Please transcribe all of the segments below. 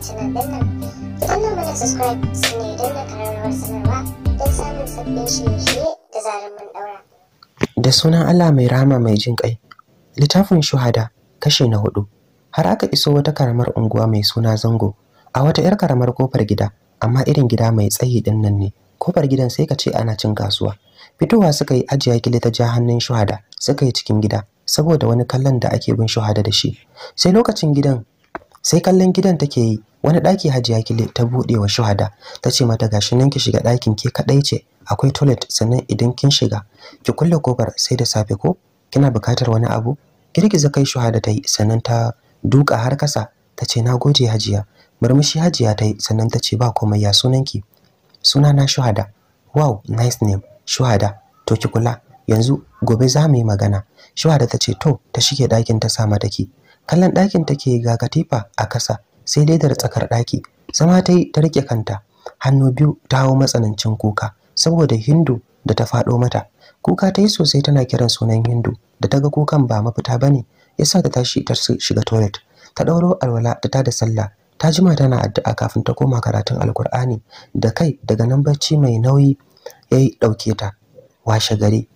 subscribe ƙararrawar sanarwa don samun sabbin da zarar ɗaura. Da sunan Allah mai rama mai jin ƙai, littafin shuhada kashe na hudu har aka iso wata karamar unguwa mai suna zango a wata 'yar karamar kofar gida amma irin gida mai tsayi din nan ne kofar gidan sai ka ce ana cin kasuwa fitowa suka yi ajiya kili ta ja hannun shuhada suka yi cikin gida saboda wani kallon da ake bin shuhada da shi sai lokacin gidan sai kallon gidan take yi wani ɗaki hajiya kile ta buɗewa wa shuhada ta mata gashi nan ki shiga ɗakin ke kaɗai ce akwai toilet sannan idan kin shiga ki kulle kofar sai da safe ko kina bukatar wani abu girgiza kai shuhada ta yi sannan ta duka har kasa tace ce na goje hajiya murmushi hajiya ta yi sannan ta ba komai ya sunanki sunana shuhada wow nice name shuhada to ki kula yanzu gobe za mu yi magana shuhada tace to ta shige ɗakin ta sa mata kallon ɗakin take ga katifa a kasa sai ledar tsakar ɗaki zama ta yi ta rike kanta hannu biyu ta hau matsanancin kuka saboda hindu da ta faɗo mata kuka ta yi sosai tana kiran sunan hindu da ta ga kukan ba mafita ba ne ya sa ta tashi ta shiga toilet ta ɗauro alwala ta da sallah ta jima tana addu'a kafin ta koma karatun alkur'ani da kai daga nan bacci mai nauyi ya ɗauke ta washe gari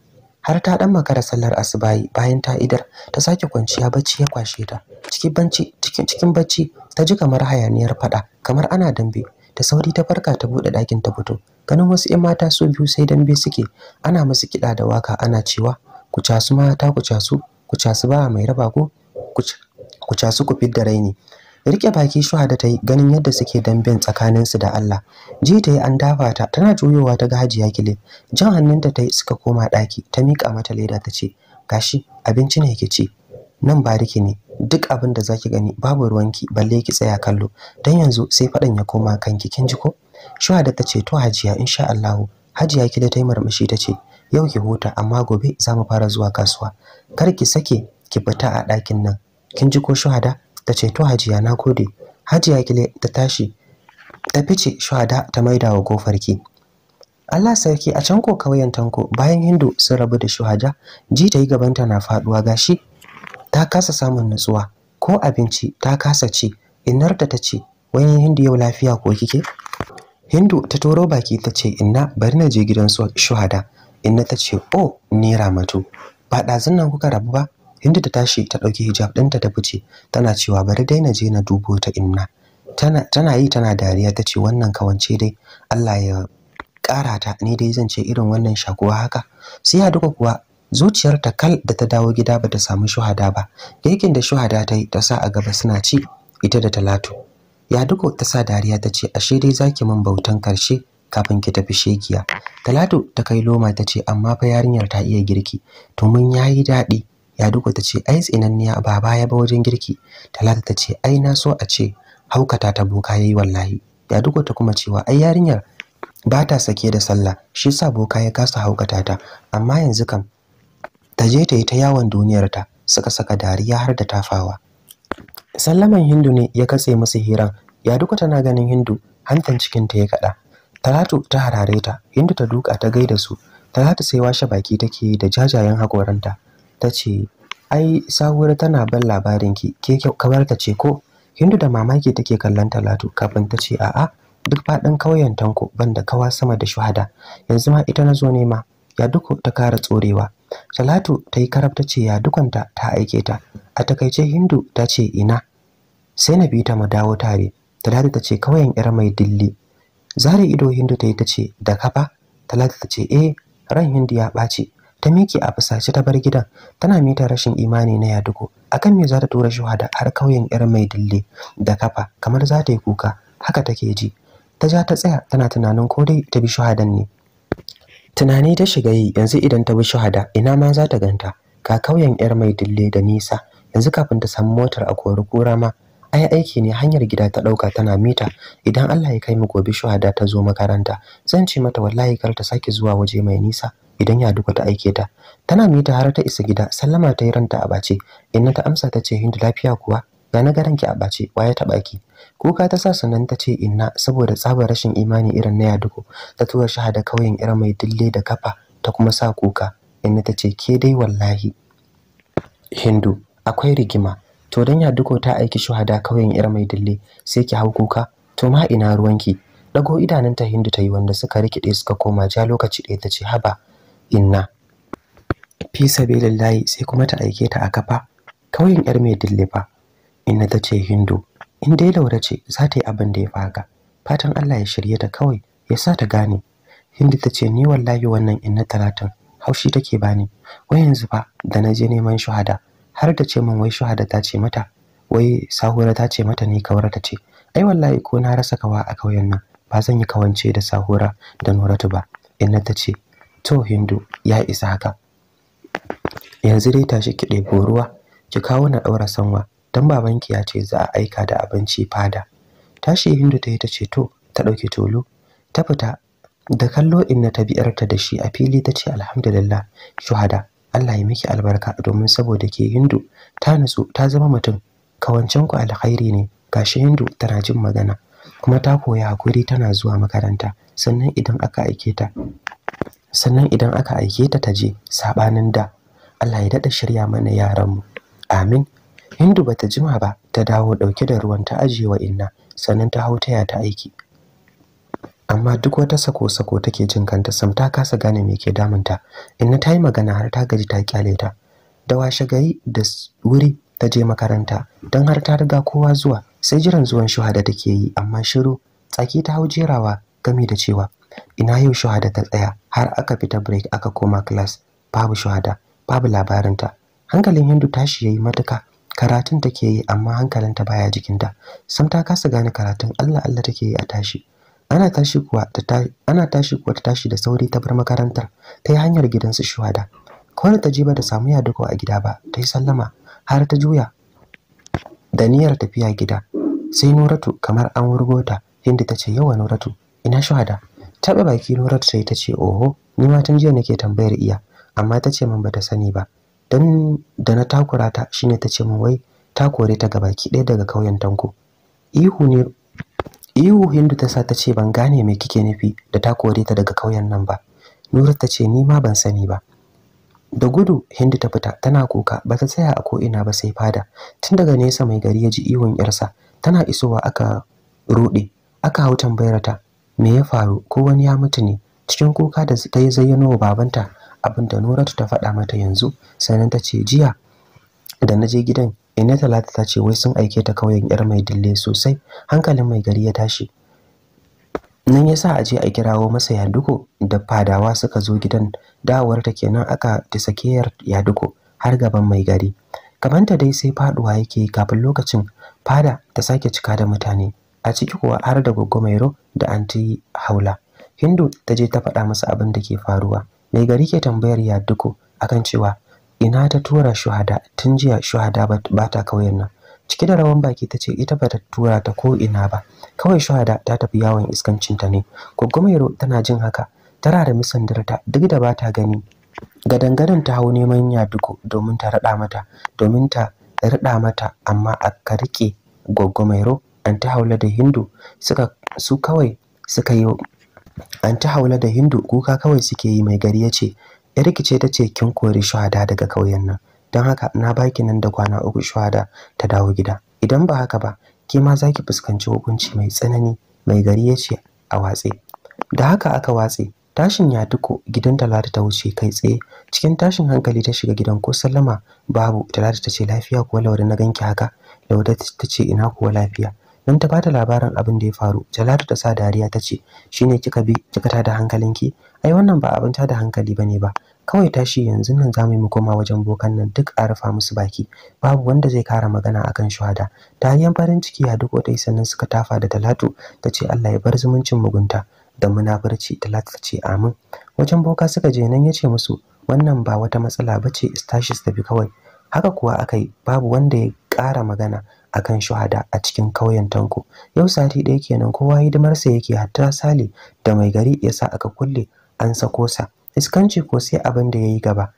har ta dan makara sallar asubahi bayan ta idar ta sake kwanciya bacci ya kwashe ta cikin banci cikin cikin bacci ta ji kamar hayaniyar fada kamar ana dambe da sauri ta farka ta bude dakin ta fito ganin wasu 'yan mata su biyu sai dambe suke ana musu kida da waka ana cewa ku casu mata ku casu ku casu ba mai raba ku ku casu ku fidda raini rike baki shuhada ta yi ganin yadda suke damben tsakaninsu da Allah ji ta yi an dafa ta tana juyowa ta ga hajiya kile jan hannunta ta yi suka koma ɗaki ta mika mata leda ta ce gashi abinci ne ki ci nan ba riki ne duk abin da ki gani babu ruwanki balle ki tsaya kallo dan yanzu sai fadan ya koma kanki kin ji ko shuhada ta ce to hajiya insha Allah hajiya kile ta yi murmushi ta ce yau ki huta amma gobe za mu fara zuwa kasuwa kar ki sake ki fita a ɗakin nan kin ji ko shuhada ta ce to hajiya na gode hajiya kile ta tashi ta fice shuhada ta maida wa gofarki Allah sarki a canko ko kauyen tanko bayan hindu sun rabu da shuhada ji ta yi gabanta na faduwa gashi ta kasa samun nutsuwa ko abinci ta kasa ci innarta ta ce wani hindu yau lafiya ko kike hindu ta toro baki ta ce inna bari na je gidan shuhada inna ta ce oh ni ramatu ba ɗazun nan kuka rabu ba inda ta tashi ta ɗauki hijab dinta ta fice tana cewa bari dai na je na dubo ta inna tana tana yi tana dariya tace wannan kawance dai Allah ya ƙara ta ni dai zan ce irin wannan shakuwa haka sai ya duka kuwa zuciyar ta kal da ta dawo gida bata samu shuhada ba yakin da shuhada ta yi ta sa a gaba suna ci ita da talatu ya duka ta sa dariya tace ashe dai zaki min bautan karshe kafin ki tafi shegiya?' talatu ta kai loma tace amma fa yarinyar ta iya girki to mun yayi daɗi duka ta ce ai tsinanniya ba baya ba wajen girki Talata ta ce ai na so a ce haukata ta boka yayi wallahi duka ta kuma cewa ai yarinyar ba ta sake da sallah shi sa boka ya kasa haukata ta amma yanzu kam ta je ta yi ta yawon duniyar ta suka saka dariya har da tafawa sallaman hindu ne ya katse musu hiran duka tana ganin hindu hantan ta ya kada Talatu ta harare ta, Hindu ta duka ta gaida su. Talatu sai washe baki take da jajayen hakoranta. ta ce ai sahura tana ban labarin labarinki ke ta ce ko hindu da mamaki take kallon talatu kafin ta ce a'a duk faɗin kauyen tanko banda kawa sama da shuhada yanzu ma ita na zo nema ya duku ta kara tsorewa talatu ta yi karab ta ce ya dukanta ta aike ta a takaice hindu ta ce ina sai na bi ta mu dawo tare talatu ta ce ƙauyen yar mai dilli zare ido hindu ta yi ta ce da kafa talatu ta ce eh ran hindu ya ɓace. ta miƙe a fusace ta bar gidan tana mita rashin imani na yadugo akan me za ta tura shuhada har kauyen yar mai dille da kafa kamar za ta yi kuka haka take ji ta ja ta tsaya tana tunanin ko dai ta bi shuhadan ne tunani ta shiga yi yanzu idan ta bi shuhada ina ma za ta ganta ga kauyen yar mai dille da nisa yanzu kafin ta samu motar a kori kura ma ai aiki ne hanyar gida ta dauka tana mita idan Allah ya kai mu gobe shuhada ta zo makaranta zan ce mata wallahi kar ta sake zuwa waje mai nisa idan ya duka ta aike ta tana mita har ta isa gida sallama ta yi ranta a bace inna ta amsa ta ce hindu lafiya kuwa ya na garanki a bace waye ta baki kuka ta sa sannan ta ce inna saboda tsabar rashin imani irin na yaduko ta tura shahada kauyen irin mai dille da kafa ta kuma sa kuka inna ta ce ke dai wallahi hindu akwai rigima to dan ya duko ta aiki shuhada kauyen yar mai dille sai ki hau kuka to ma ina ruwan ki? dago idanunta hindu ta yi wanda suka rikide suka koma ja lokaci ɗaya ta ce haba inna fi sabilillahi sai kuma ta aike ta a kafa kauyen yar mai dille fa inna ta ce hindu in dai laura ce za ta yi abin da ya faka fatan Allah ya shirye ta kawai ya sa ta gane Hindu ta ce ni wallahi wannan inna talatin haushi take bani wai yanzu fa da na je neman shahada har da ce min wai shuhada ta ce mata wai sahura ta ce mata ne kawar ta ce ai wallahi ko na rasa kawa a kauyen nan ba zan yi kawance da sahura da nuratu ba inna ta ce to hindu ya isa haka yanzu dai tashi ki ɗebo ruwa ki kawo na ɗaura sanwa dan babanki ya ce za a aika da abinci fada tashi hindu ta yi ta ce to ta ɗauki tulu ta fita da kallo inna ta biyarta da shi a fili ta ce alhamdulillah shuhada Allah ya miki albarka domin saboda ke Hindu ta nutsu ta zama mutum kawancin ku alkhairi ne gashi Hindu tana jin magana kuma ta koya hakuri tana zuwa makaranta sannan idan aka aike ta sannan idan aka aike ta ta je sabanin da Allah ya dada shirya mana yaran mu amin Hindu bata jima ba ta dawo dauke da ruwan ta ajiye wa inna sannan ta hau taya ta aiki amma duk wata sako-sako take jin kanta sam ta kasa gane me ke damunta inna ta yi magana har ta gaji ta kyale ta da washe gari da wuri ta je makaranta don har ta riga kowa zuwa sai jiran zuwan shuhada take yi amma shiru tsaki ta hau jerawa gami da cewa ina yau shuhada ta tsaya har aka fita break aka koma class babu shuhada babu labarinta hankalin hindu tashi yayi matuka karatun take yi amma hankalinta baya jikinta sam ta kasa gane karatun Allah Allah take yi a tashi ana tashi kuwa ta ana tashi kuwa ta tashi da sauri ta bar makarantar ta yi hanyar gidansu shuhada kawai ta je da samu ya a gida ba ta yi sallama har ta juya da niyyar tafiya gida sai nuratu kamar an wurgo ta, inda ta ce yawa nuratu ina shuhada taɓa baki nuratu sai ta ce oho ni ma tun jiya nake tambayar iya amma ta ce min bata sani ba dan da na takura ta shine ta ce min wai ta kore ta gabaki ɗaya daga kauyen tanko ihu ne ihu hindu ta sa ta ce ban gane me kike nufi da ta kore ta daga kauyen nan ba nura ta ce ni ma ban sani ba da gudu hindu ta fita tana kuka ba ta tsaya a ko'ina ba sai fada tun daga nesa mai gari ya ji iwon yarsa tana isowa aka ruɗe aka hau tambayar ta me ya faru ko wani ya mutu ne cikin kuka da ta yi zayyano wa babanta abinda nuratu ta faɗa mata yanzu sannan ta ce jiya da na je gidan ina talata ta ce wai sun aike ta kauyen yar mai dille sosai hankalin mai gari ya tashi nan yasa a je a kirawo masa yaduko da fadawa suka zo gidan dawar ta kenan aka yar yaduko har gaban mai gari kamanta dai sai faduwa yake kafin lokacin fada ta sake cika da mutane a ciki kuwa har da goggo mairo da anti haula hindu ta je ta faɗa masa abin da ke faruwa mai gari ke tambayar yaduko akan cewa ina ta tura shuhada tun jiya shuhada ba ta kauyen nan cike da rawan baki ta ce ita ba ta tura ta ko ina ba kawai shuhada ta tafi yawon iskancin ta ne gwaggwamero tana jin haka tara da misandarta duk da ba ta gani gadangadan ta hau neman yaduko domin ta raɗa mata domin ta raɗa mata amma aka riƙe gwaggwamero an ta haula da hindu suka su kawai suka yi an ta haula da hindu kuka kawai suke yi mai gari ya ce yarki rikice ta ce kin kori shuhada daga ƙauyen nan don haka na baki nan da kwana uku shuhada ta dawo gida idan ba haka ba ke ma za ki fuskanci hukunci mai tsanani mai gari ya ce a watse da haka aka watse tashin ya duko gidan talata ta wuce kai tsaye cikin tashin hankali ta shiga gidan ko sallama babu talata ta ce lafiya kuwa laure na ganki haka lauda ta ce ina kuwa lafiya don ta bata labarin abin da ya faru jalatu ta sa dariya ta ce shine kika bi kika tada hankalinki ai wannan ba abin tada hankali bane ba kawai tashi yanzu nan za mu yi koma wajen bokan nan duk a rufa musu baki babu wanda zai kara magana akan shuhada dariyan farin ciki ya duk wata sannan suka tafa da talatu ta ce allah ya bar zumuncin mugunta da munafurci talatu ta ce amin wajen boka suka je nan ya ce musu wannan ba wata matsala ba ce istashis tafi kawai haka kuwa aka yi babu wanda ya ƙara magana a kan shuhada a cikin ƙauyen Tanko. Yau sati ɗaya kenan kowa hidimar sa yake hatta Sale da mai gari ya sa aka kulle an sako sa. Iskanci ko sai abin da yayi gaba.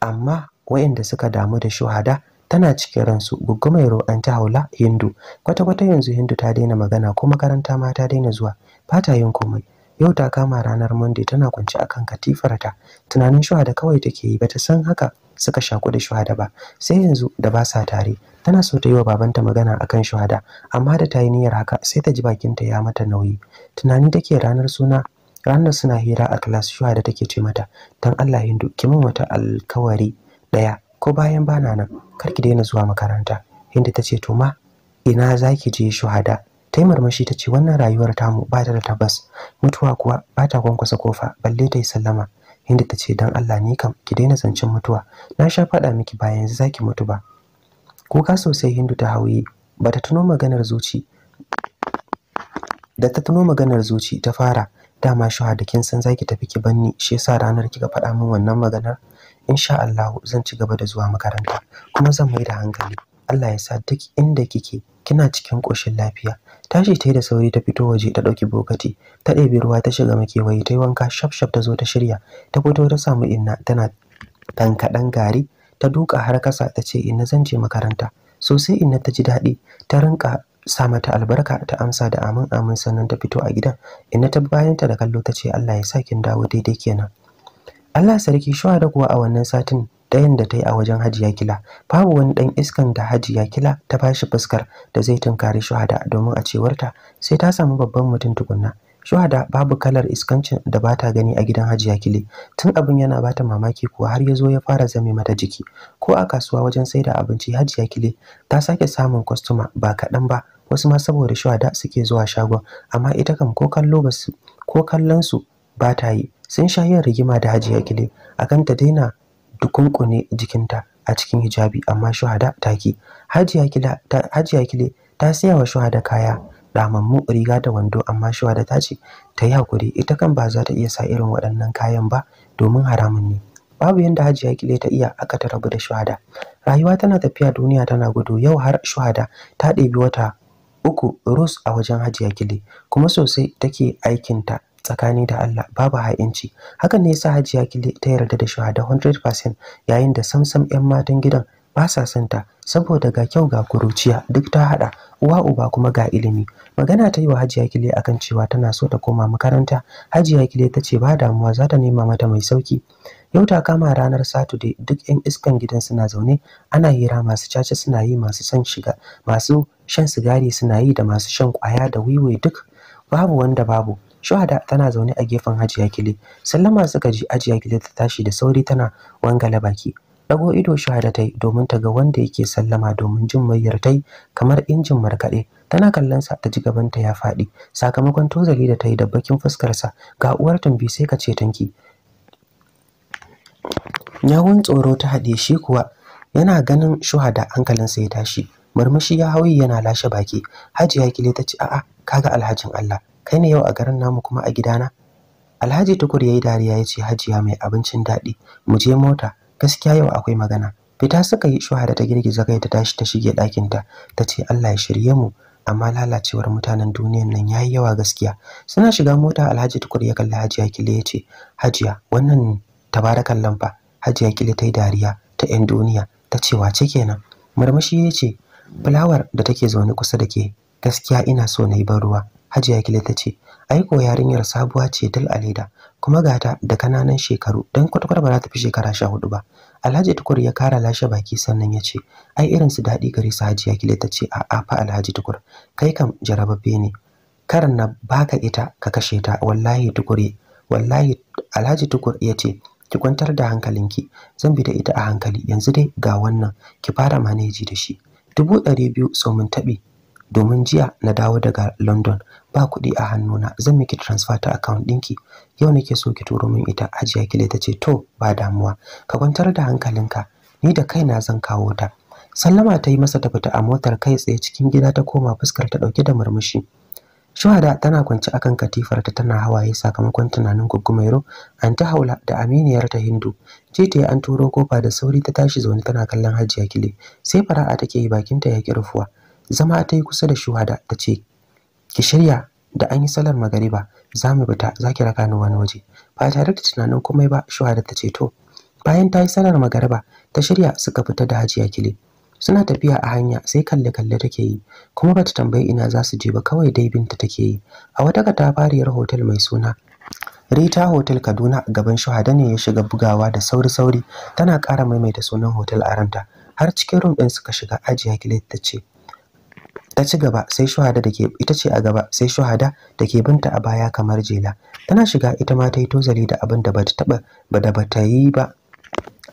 Amma waɗanda suka damu da shuhada tana cikin ransu guggumai an ta haula Hindu. Kwata-kwata yanzu Hindu ta daina magana ko makaranta ma ta daina zuwa. fata yin komai. Yau ta kama ranar Monday tana kwance akan katifarta. Tunanin shuhada kawai take yi bata san haka suka shaku da shuhada ba. Sai yanzu da ba sa tare. tana so ta yi wa babanta magana a kan shuhada amma da ta yi niyyar haka sai ta ji bakinta ya mata nauyi tunani take ranar suna ranar suna hira a class shuhada take ce mata dan Allah Hindu ki min wata alkawari daya ko bayan bana nan kar ki daina zuwa makaranta Hindu tace to ma ina zaki je shuhada tai marmashi tace wannan rayuwar tamu ba ta da tabbas mutuwa kuwa ba ta kwankwasa kofa balle ta yi sallama Hindu tace dan Allah ni kam ki daina zancen mutuwa na sha faɗa miki bayan yanzu zaki mutu ba kuka sosai hindu ta hauye. ba ta tuno maganar zuci da ta tuno maganar zuci ta fara dama shuhada kin san zaki tafi ki banni shi yasa ranar kika faɗa min wannan maganar insha Allah zan ci gaba da zuwa makaranta kuma zan mai da hankali Allah ya sa duk inda kike kina cikin koshin lafiya tashi ta yi da sauri ta fito waje ta ɗauki bokati ta ɗebi ruwa ta shiga makewayi ta yi wanka shaf shaf ta zo ta shirya ta fito ta samu inna tana tankaɗan gari ta duka har kasa ta ce ina zan je makaranta sosai ina ta ji daɗi ta rinka sa mata albarka ta amsa da amin amin sannan ta fito a gidan inna ta bayan ta da kallo ta ce Allah ya sa kin dawo daidai kenan Allah sarki da kuwa a wannan satin dayan da ta yi a wajen hajiya kila babu wani dan iskan da hajiya kila ta bashi fuskar da zai tunkari shuhada domin a cewarta sai ta samu babban mutum tukunna da babu kalar iskancin da ba ta gani a gidan Hajiya Kile. Tun abin yana bata mamaki kuwa har ya zo ya fara zame mata jiki. Ko a kasuwa wajen sai da abinci Hajiya Kile ta sake samun kwastoma ba kaɗan ba. Wasu ma saboda shuhada suke zuwa shagon amma ita kam ko kallo ba su ko kallon su ba ta yi. Sun sha yin rigima da Hajiya Kile akan ta daina dukunkune jikinta a cikin hijabi amma shuhada ta ki. Hajiya Kile ta siya wa shuhada kaya damammu riga da wando amma shuwada ta ce ta yi hakuri ita kan ba za ta iya sa irin waɗannan kayan ba domin haramun ne babu yanda hajiya kile ta iya aka ta rabu da shuhada rayuwa tana tafiya duniya tana gudu yau har shuhada ta ɗebi wata uku rus a wajen hajiya kile kuma sosai take aikinta tsakani da Allah babu ha'inci hakan ne yasa hajiya kile ta yarda da shuhada 100% yayin da samsam 'yan matan gidan ba sa son ta saboda ga kyau ga kuruciya duk ta haɗa uwa uba kuma ga ilimi magana ta yi wa hajiya kile akan cewa tana so ta koma makaranta hajiya kile ta ce ba damuwa za ta nema mata mai sauki yau ta kama ranar saturday duk yan iskan gidan suna zaune ana hira masu caca suna yi masu son shiga masu shan sigari suna yi da masu shan kwaya da wiwi duk babu wanda babu shuhada tana zaune a gefen hajiya kile sallama suka ji hajiya kile ta tashi da sauri tana wangala baki Dago ido shahada ta yi domin ta ga wanda yake sallama domin jin muryar kamar injin markaɗe. Tana kallon sa ta ji gabanta ya faɗi. Sakamakon tozali da ta yi da bakin fuskarsa ga uwar tambi sai ka ce tanki. Yawun tsoro ta haɗe shi kuwa yana ganin shuhada hankalinsa ya tashi. Murmushi ya hauyi yana lashe baki. Hajiya kile ta ce a'a kaga alhajin Allah kai ne yau a garin namu kuma a gidana. Alhaji Tukur ya yi dariya ya ce hajiya mai abincin daɗi mu je mota gaskiya yau akwai magana fita suka yi shuhada ta girgiza kai ta tashi ta shige ɗakinta ta ce Allah ya shirye mu amma lalacewar mutanen duniyan nan yayi yawa gaskiya suna shiga mota Alhaji Tukur ya kalli Hajiya Kile ya ce Hajiya wannan tabarakan lamfa Hajiya Kile ta yi dariya ta 'yan duniya ta ce wace kenan murmushi ya ce fulawar da take zaune kusa da ke gaskiya ina so na yi ban ruwa Hajiya Kile ta ce aiko yarinyar sabuwa ce dal a leda kuma ga ta da kananan shekaru dan kwatkwar ba za ta fi shekara sha hudu ba alhaji tukur ya kara lashe baki sannan ya ce ai irin su daɗi gare su hajiya kile ta ce a fa alhaji tukur kai kam jarababbe ne kar na baka ita ka kashe ta wallahi tukure wallahi alhaji tukur ya ce ki kwantar da hankalinki zan bi da ita a hankali yanzu dai ga wannan ki fara maneji da shi dubu ɗari biyu mun taɓi domin jiya na dawo daga London ba kuɗi a hannuna zan miki transfer ta account ɗinki yau nake so ki turo min ita Hajiya Kile ta ce to ba damuwa ka kwantar da hankalinka ni da kaina zan kawo ta Sallama ta yi masa ta fita a motar kai tsaye cikin gida ta koma fuskar ta ɗauke da murmushi Shuhada tana kwance akan katifar ta tana hawaye sakamakon tunanin gugumairo an ta haula da aminiyar ta Hindu Je ta an turo kofa da sauri ta tashi zaune tana kallon Hajiya Kile sai fara'a take yi bakinta ya kirfuwa zama ta yi kusa da shuhada ta ce ki shirya da an yi salar magariba za mu fita za ki raka ni wani waje ba tare da tunanin komai ba shuhada ta ce to bayan ta yi salar magariba ta shirya suka fita da hajiya kile suna tafiya a hanya sai kalle kalle take yi kuma bata tambayi ina za su je ba kawai dai binta take yi a wata katafariyar hotel mai suna Rita Hotel Kaduna gaban shuhada ne ya shiga bugawa da sauri-sauri tana ƙara maimaita sunan hotel a ranta har cikin room ɗin suka shiga ajiya kile ta ce ta ci gaba sai shuhada da ke ita ce a gaba sai shuhada da binta a baya kamar jela tana shiga ita ma ta yi tozali da abin da bata taba ba da ta yi ba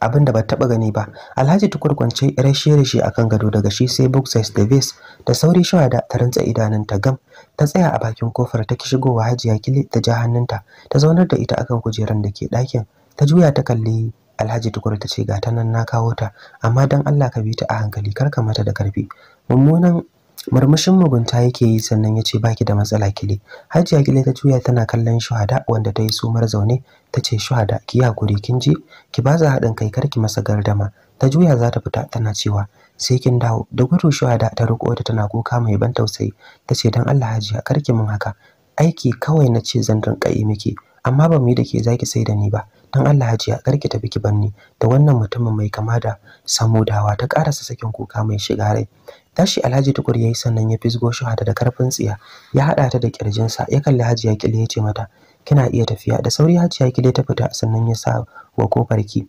abin da bata taba gani ba alhaji tukurkwance rashe rashe akan gado daga shi sai boxers da vest da sauri shuhada ta rantsa idanunta gam ta tsaya a bakin kofar ta ki shigowa hajiya kili ta ja hannunta ta zaunar da ita akan kujeran da ke ɗakin ta juya ta kalli Alhaji Tukur ta ce ga ta nan na kawo ta amma dan Allah ka bi ta a hankali kar ka mata da karfi mummunan murmushin mugunta yake yi sannan ya ce baki da matsala kile hajiya kile ta juya tana kallon shuhada wanda ta yi sumar zaune ta ce shuhada ki hakuri kin je ki ba za haɗin kai karki masa gardama ta juya za ta fita tana cewa sai kin dawo da gudu shuhada ta riko ta tana kuka mai ban tausayi ta ce don allah hajiya karki min haka aiki kawai na ce zan rinka yi miki amma ba mu yi da ke zaki sai da ni ba don Allah hajiya kar ki tafi ki banni da wannan mutumin mai kama da samudawa ta karasa sakin kuka mai shiga rai tashi Alhaji Tukur yayi sannan ya fisgo shahada da karfin tsiya ya hada ta da kirjinsa ya kalli hajiya kile ya ce mata kina iya tafiya da sauri hajiya kile ta fita sannan ya sa wa kofar ki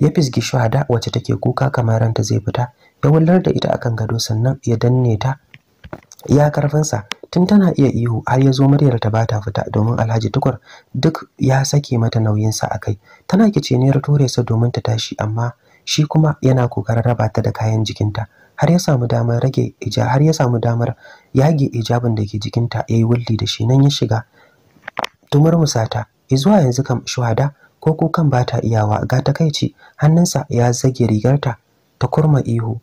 ya fisgi shahada wacce take kuka kamar ranta zai fita ya wallar da ita akan gado sannan ya danne ta ya karfinsa tun tana iya ihu har ya zo muryar ta bata fita domin Alhaji Tukur duk ya sake mata nauyinsa a kai tana kiciniyar tore sa domin ta tashi amma shi kuma yana kokarin raba ta da kayan jikinta har ya samu damar rage ija har ya samu damar yage ijabin da ke jikinta yayi wulli da shi nan ya shiga musata izuwa yanzu kam shuhada ko kukan ba ta iyawa ga takaici hannunsa ya zage rigarta ta kurma ihu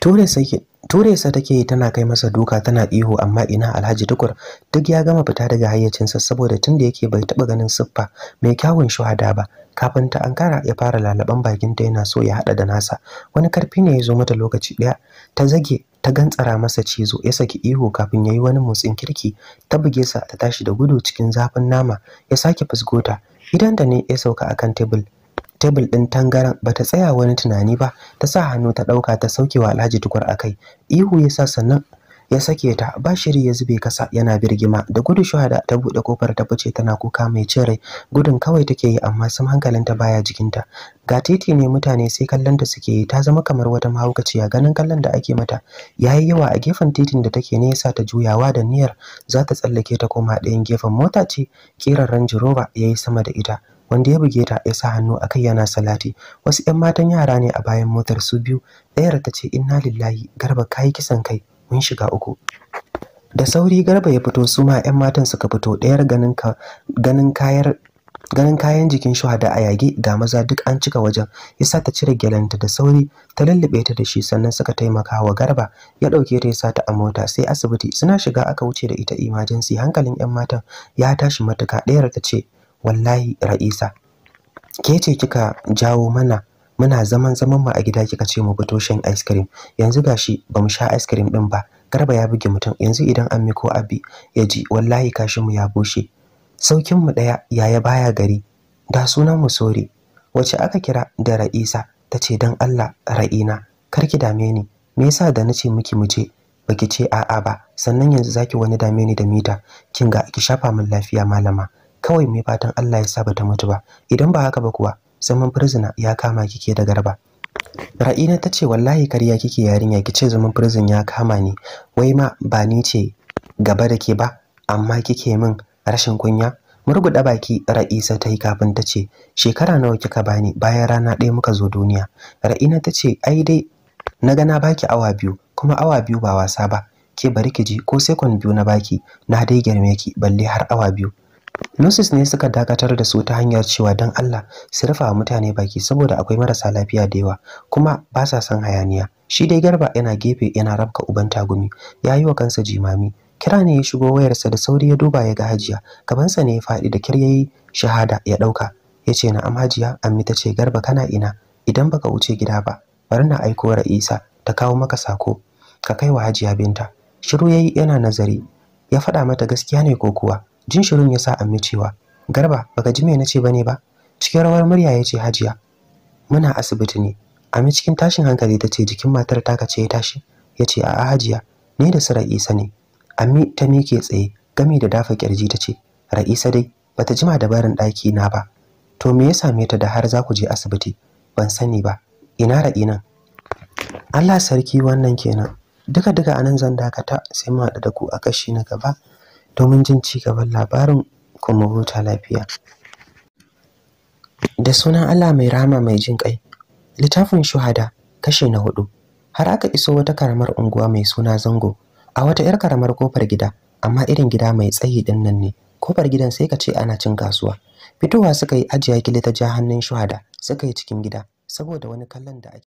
Ture sai ture sa take tana kai masa duka tana ihu amma ina Alhaji Tukur duk ya gama fita daga hayyacinsa saboda tun da yake bai taba ganin siffa mai kyawun shuhada ba kafin ta ankara ya fara lalaban bakinta yana so ya hada da nasa wani karfi ne ya zo mata lokaci daya ta zage ta gantsara masa cizo ya saki ihu kafin yayi wani motsin kirki ta buge sa ta tashi da gudu cikin zafin nama ya sake fusgota idan da ne ya sauka akan tebul tebul ɗin tangaran bata tsaya wani tunani ba ta sa hannu ta ɗauka ta wa alhaji tukur a kai ihu ya sa sannan ya sake ta ba shiri ya zube kasa yana birgima da gudu shuhada ta buɗe kofar ta fice tana kuka mai cin gudun kawai take yi amma sun hankalinta baya jikinta ga titi ne mutane sai kallon da suke yi ta zama kamar wata mahaukaciya ganin kallon da ake mata yayi yawa a gefen titin da take nesa ta juyawa da niyyar za ta tsallake ta koma ɗayan gefen mota ce kiran ranji roba yi sama da ita wanda ya buge ta ya sa hannu a kai yana salati wasu 'yan matan yara ne a bayan motar su biyu ɗayar ta ce inna lillahi garba kayi kisan kai mun shiga uku da sauri garba ya fito su ma 'yan matan suka fito ɗayar ganin ka ganin kayar ganin kayan jikin shuhada a yage ga maza duk an cika wajen yasa ta cire gyalanta da sauri ta lullube ta da shi sannan suka taimaka wa garba ya ɗauke ta yasa ta a mota sai asibiti suna shiga aka wuce da ita emergency hankalin yan matan ya tashi matuka ɗayar ta ce wallahi ra'isa ke ce kika jawo mana muna zaman zaman mu a gida kika ce mu fito shan ice cream yanzu gashi bamu sha ice cream din ba garba ya buge mutum yanzu idan an ko abi ya ji wallahi kashin mu ya bushe saukin mu daya yaya baya gari da sunan mu sore wace aka kira da ra'isa tace dan Allah ra'ina kar ki dame ni me yasa da nace miki muje baki ce a'a ba sannan yanzu zaki wani dame ni da mita Kinga ki shafa min lafiya malama kawai mai fatan Allah ya sa ta mutu ba idan ba haka ba kuwa zaman prisona ya kama kike da garba Ra'ina ta ce wallahi karya kike yarinya kice zaman prison ya kama ni wai ma ba ni ce gaba da ke ba amma kike min rashin kunya murguda baki Ra'isa ta yi kafin ta ce shekara nawa kika bani bayan rana ɗaya muka zo duniya Ra'ina ta ce ai dai na ga na baki awa biyu kuma awa biyu ba wasa ba ke bari ki ji ko sekon biyu na baki na dai girme ki balle har awa biyu nurses ne suka dakatar da su ta hanyar cewa don Allah su rufa wa mutane baki saboda akwai marasa lafiya da yawa kuma ba sa son hayaniya shi dai garba yana gefe yana rabka uban tagumi ya yi wa kansa jimami kira ne ya shigo wayarsa da sauri ya duba ya ga hajiya gabansa ne ya faɗi da kyar yayi shahada ya ɗauka ya ce na'am hajiya ammi ta ce garba kana ina idan baka wuce gida ba bari na aiko ra'isa ta kawo maka sako ka kai wa hajiya binta shiru yayi yana nazari ya faɗa mata gaskiya ne ko kuwa jin shirin ya sa ammi cewa garba baka ji me nace bane ba cikin rawar murya yace hajiya muna asibiti ne Ami cikin tashin hankali tace jikin matar taka kace ya tashi Yace a a'a hajiya Ne da su ra'isa ne ammi ta mike tsaye gami da dafa kirji tace ra'isa dai bata jima da barin ɗaki na ba to me ya same ta da har za ku je asibiti ban sani ba ina raɗi nan Allah sarki wannan kenan duka duka anan zan dakata sai mu hada da ku a kashi na gaba domin jin ci gaban labarin kuma huta lafiya. Da sunan Allah mai rama mai jin ƙai, littafin shuhada kashe na hudu har aka iso wata karamar unguwa mai suna zango a wata 'yar karamar kofar gida amma irin gida mai tsayi din nan ne kofar gidan sai ka ce ana cin kasuwa fitowa suka yi ajiya kili ta ja hannun shuhada suka yi cikin gida saboda wani kallon da ake